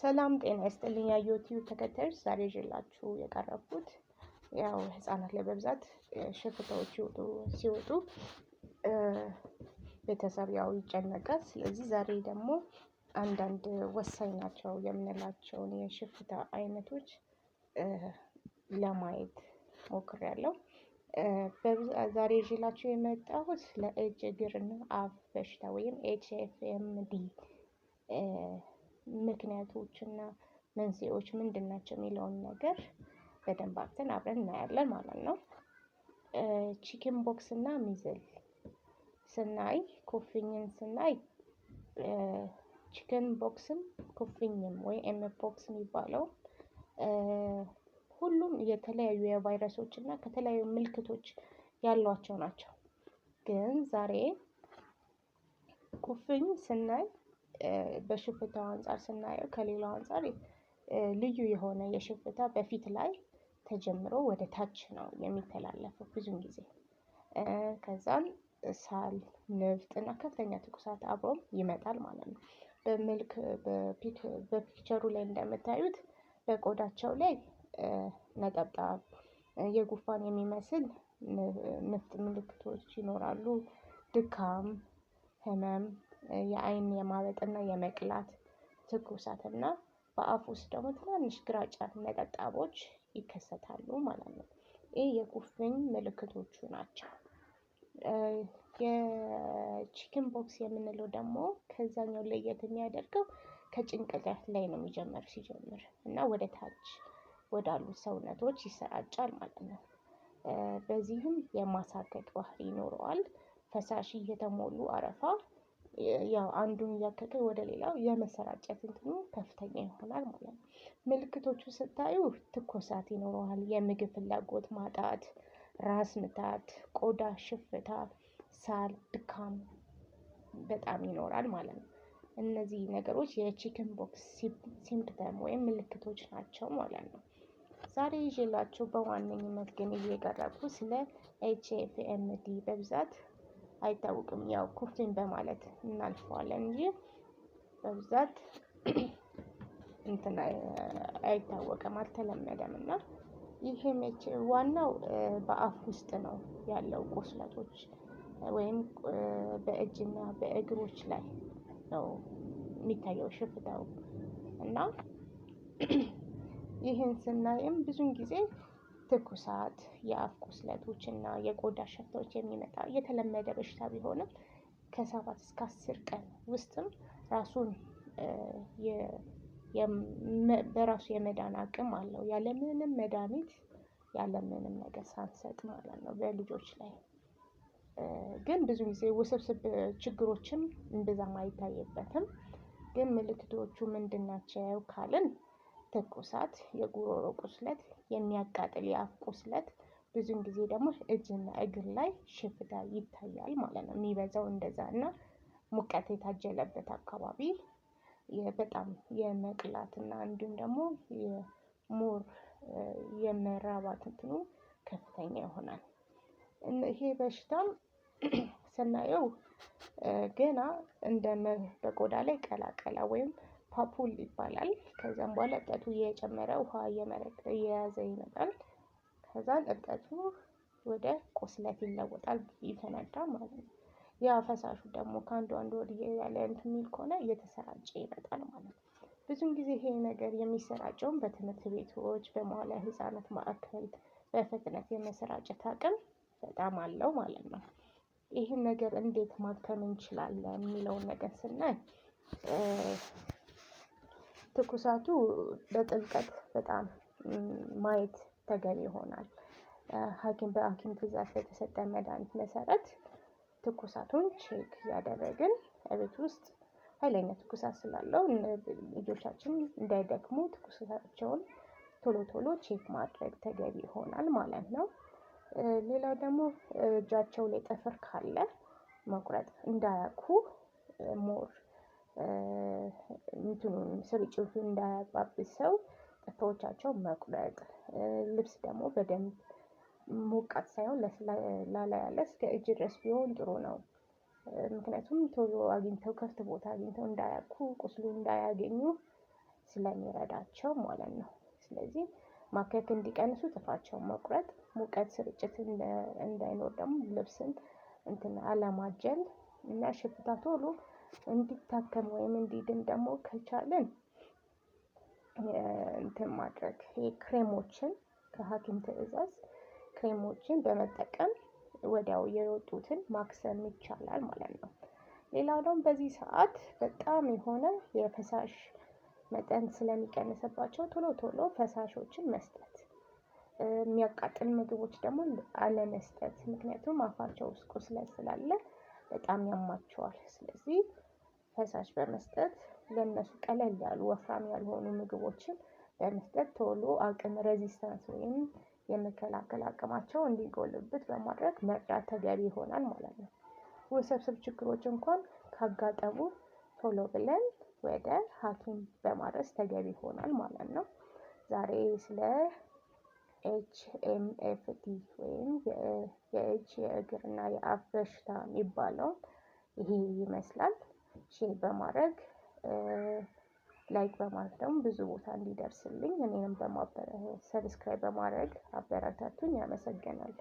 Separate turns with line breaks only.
ሰላም ጤና ይስጥልኝ የዩቲዩብ ተከታዮች፣ ዛሬ ይዤላችሁ የቀረብኩት ያው ህጻናት ላይ በብዛት ሽፍታዎች ሲወጡ ቤተሰብ ያው ይጨነቃል። ስለዚህ ዛሬ ደግሞ አንዳንድ ወሳኝ ናቸው የምንላቸውን የሽፍታ አይነቶች ለማየት ሞክሬያለሁ። ዛሬ ይዤላችሁ የመጣሁት ለእጅ እግርና አፍ በሽታ ወይም ኤች ኤፍ ኤም ዲ ምክንያቶች እና መንስኤዎች ምንድን ናቸው የሚለውን ነገር በደንብ አጥንተን አብረን እናያለን ማለት ነው። ቺክን ቦክስ እና ሚዝል ስናይ ኩፍኝን ስናይ ቺክን ቦክስም ኩፍኝም ወይ ኤም ቦክስ የሚባለው ሁሉም የተለያዩ የቫይረሶች እና ከተለያዩ ምልክቶች ያሏቸው ናቸው። ግን ዛሬ ኩፍኝ ስናይ በሽፍታው አንጻር ስናየው ከሌላው አንጻር ልዩ የሆነ የሽፍታ በፊት ላይ ተጀምሮ ወደ ታች ነው የሚተላለፈው ብዙን ጊዜ። ከዛም ሳል፣ ንፍጥ እና ከፍተኛ ትኩሳት አብሮም ይመጣል ማለት ነው። በምልክ በፒክቸሩ ላይ እንደምታዩት በቆዳቸው ላይ ነጠብጣብ፣ የጉፋን የሚመስል ንፍጥ ምልክቶች ይኖራሉ። ድካም፣ ህመም የአይን የማበጥና የመቅላት እና በአፍ ውስጥ ደግሞ ትናንሽ ግራጫ ነጠብጣቦች ይከሰታሉ ማለት ነው። ይህ የኩፍኝ ምልክቶቹ ናቸው። የቺክን ቦክስ የምንለው ደግሞ ከዛኛው ለየት የሚያደርገው ከጭንቅላት ላይ ነው የሚጀምር ሲጀምር እና ወደ ታች ወዳሉ ሰውነቶች ይሰራጫል ማለት ነው። በዚህም የማሳከክ ባህሪ ይኖረዋል። ፈሳሽ እየተሞሉ አረፋ ያው አንዱን እያከተ ወደ ሌላው የመሰራጨት እንትኑ ከፍተኛ ይሆናል ማለት ነው። ምልክቶቹ ስታዩ ትኮሳት ይኖረዋል፣ የምግብ ፍላጎት ማጣት፣ ራስ ምታት፣ ቆዳ ሽፍታ፣ ሳል፣ ድካም በጣም ይኖራል ማለት ነው። እነዚህ ነገሮች የቺክን ቦክስ ሲምፕተም ወይም ምልክቶች ናቸው ማለት ነው። ዛሬ ይዤላችሁ በዋነኝነት ግን እየቀረብኩ ስለ ኤች ኤፍ ኤም ዲ በብዛት አይታወቅም። ያው ኩፍሪን በማለት እናልፈዋለን እንጂ በብዛት እንትን አይታወቅም፣ አልተለመደም እና ይሄ መቼ ዋናው በአፍ ውስጥ ነው ያለው ቁስለቶች ወይም በእጅና በእግሮች ላይ ነው የሚታየው ሽፍታው እና ይህን ስናይም ብዙን ጊዜ ትኩሳት፣ የአፍ ቁስለቶች እና የቆዳ ሽፍታዎች የሚመጣ የተለመደ በሽታ ቢሆንም ከሰባት እስከ አስር ቀን ውስጥም ራሱን በራሱ የመዳን አቅም አለው። ያለምንም መድኃኒት ያለምንም ነገር ሳንሰጥ ማለት ነው በልጆች ላይ ግን ብዙ ጊዜ ውስብስብ ችግሮችም እንብዛም አይታይበትም። ግን ምልክቶቹ ምንድን ናቸው ካልን ትኩሳት፣ የጉሮሮ ቁስለት፣ የሚያቃጥል የአፍ ቁስለት ብዙን ጊዜ ደግሞ እጅና እግር ላይ ሽፍታ ይታያል ማለት ነው። የሚበዛው እንደዛ እና ሙቀት የታጀለበት አካባቢ በጣም የመቅላት እና እንዲሁም ደግሞ የሞር የመራባት እንትኑ ከፍተኛ ይሆናል። ይሄ በሽታም ስናየው ገና እንደ በቆዳ ላይ ቀላቀላ ወይም ፓፑል ይባላል። ከዛም በኋላ እብጠቱ እየጨመረ ውሃ እየያዘ ይመጣል። ከዛን እብጠቱ ወደ ቁስለት ይለወጣል፣ ይፈነዳ ማለት ነው። ያ ፈሳሹ ደግሞ ከአንዱ አንዱ ወዲህ ያለ እንትን የሚል ከሆነ እየተሰራጨ ይመጣል ማለት ነው። ብዙን ጊዜ ይሄ ነገር የሚሰራጨውን በትምህርት ቤቶች፣ በመዋለ ህጻናት ማዕከል በፍጥነት የመሰራጨት አቅም በጣም አለው ማለት ነው። ይህን ነገር እንዴት ማከም እንችላለን የሚለውን ነገር ስናይ ትኩሳቱ በጥልቀት በጣም ማየት ተገቢ ይሆናል። ሐኪም በሐኪም ትዕዛዝ በተሰጠ መድኃኒት መሰረት ትኩሳቱን ቼክ እያደረግን ከቤት ውስጥ ኃይለኛ ትኩሳት ስላለው ልጆቻችን እንዳይደክሙ ትኩሳቸውን ቶሎ ቶሎ ቼክ ማድረግ ተገቢ ይሆናል ማለት ነው። ሌላው ደግሞ እጃቸው ላይ ጥፍር ካለ መቁረጥ እንዳያኩ ሞር እንትኑንም ስርጭቱን እንዳያባብሰው ጥፍሮቻቸው መቁረጥ። ልብስ ደግሞ በደንብ ሞቃት ሳይሆን ላላ ያለ እስከ እጅ ድረስ ቢሆን ጥሩ ነው። ምክንያቱም ቶሎ አግኝተው ክፍት ቦታ አግኝተው እንዳያኩ ቁስሉ እንዳያገኙ ስለሚረዳቸው ማለት ነው። ስለዚህ ማከክ እንዲቀንሱ ጥፍራቸውን መቁረጥ፣ ሙቀት ስርጭት እንዳይኖር ደግሞ ልብስን እንትን አለማጀል እና ሽፍታ ቶሎ እንዲታከም ወይም እንዲድን ደግሞ ከቻልን እንትን ማድረግ ክሬሞችን ከሐኪም ትዕዛዝ ክሬሞችን በመጠቀም ወዲያው የወጡትን ማክሰም ይቻላል ማለት ነው። ሌላው ደግሞ በዚህ ሰዓት በጣም የሆነ የፈሳሽ መጠን ስለሚቀንስባቸው ቶሎ ቶሎ ፈሳሾችን መስጠት የሚያቃጥል ምግቦች ደግሞ አለመስጠት ምክንያቱም አፋቸው ውስጥ ቁስለት ስላለ በጣም ያማቸዋል። ስለዚህ ፈሳሽ በመስጠት ለእነሱ ቀለል ያሉ ወፍራም ያልሆኑ ምግቦችን በመስጠት ቶሎ አቅም ሬዚስተንስ ወይም የመከላከል አቅማቸው እንዲጎልብት በማድረግ መርዳት ተገቢ ይሆናል ማለት ነው። ውስብስብ ችግሮች እንኳን ካጋጠሙ ቶሎ ብለን ወደ ሐኪም በማድረስ ተገቢ ይሆናል ማለት ነው። ዛሬ ስለ ኤችኤምኤፍቲ ወይም የእጅ የእግርና እና የአፍ በሽታ የሚባለውን ይሄ ይመስላል። ሼር በማድረግ ላይክ በማድረግ ደግሞ ብዙ ቦታ እንዲደርስልኝ እኔንም በማበረ ሰብስክራይብ በማድረግ አበረታቱኝ። ያመሰግናል።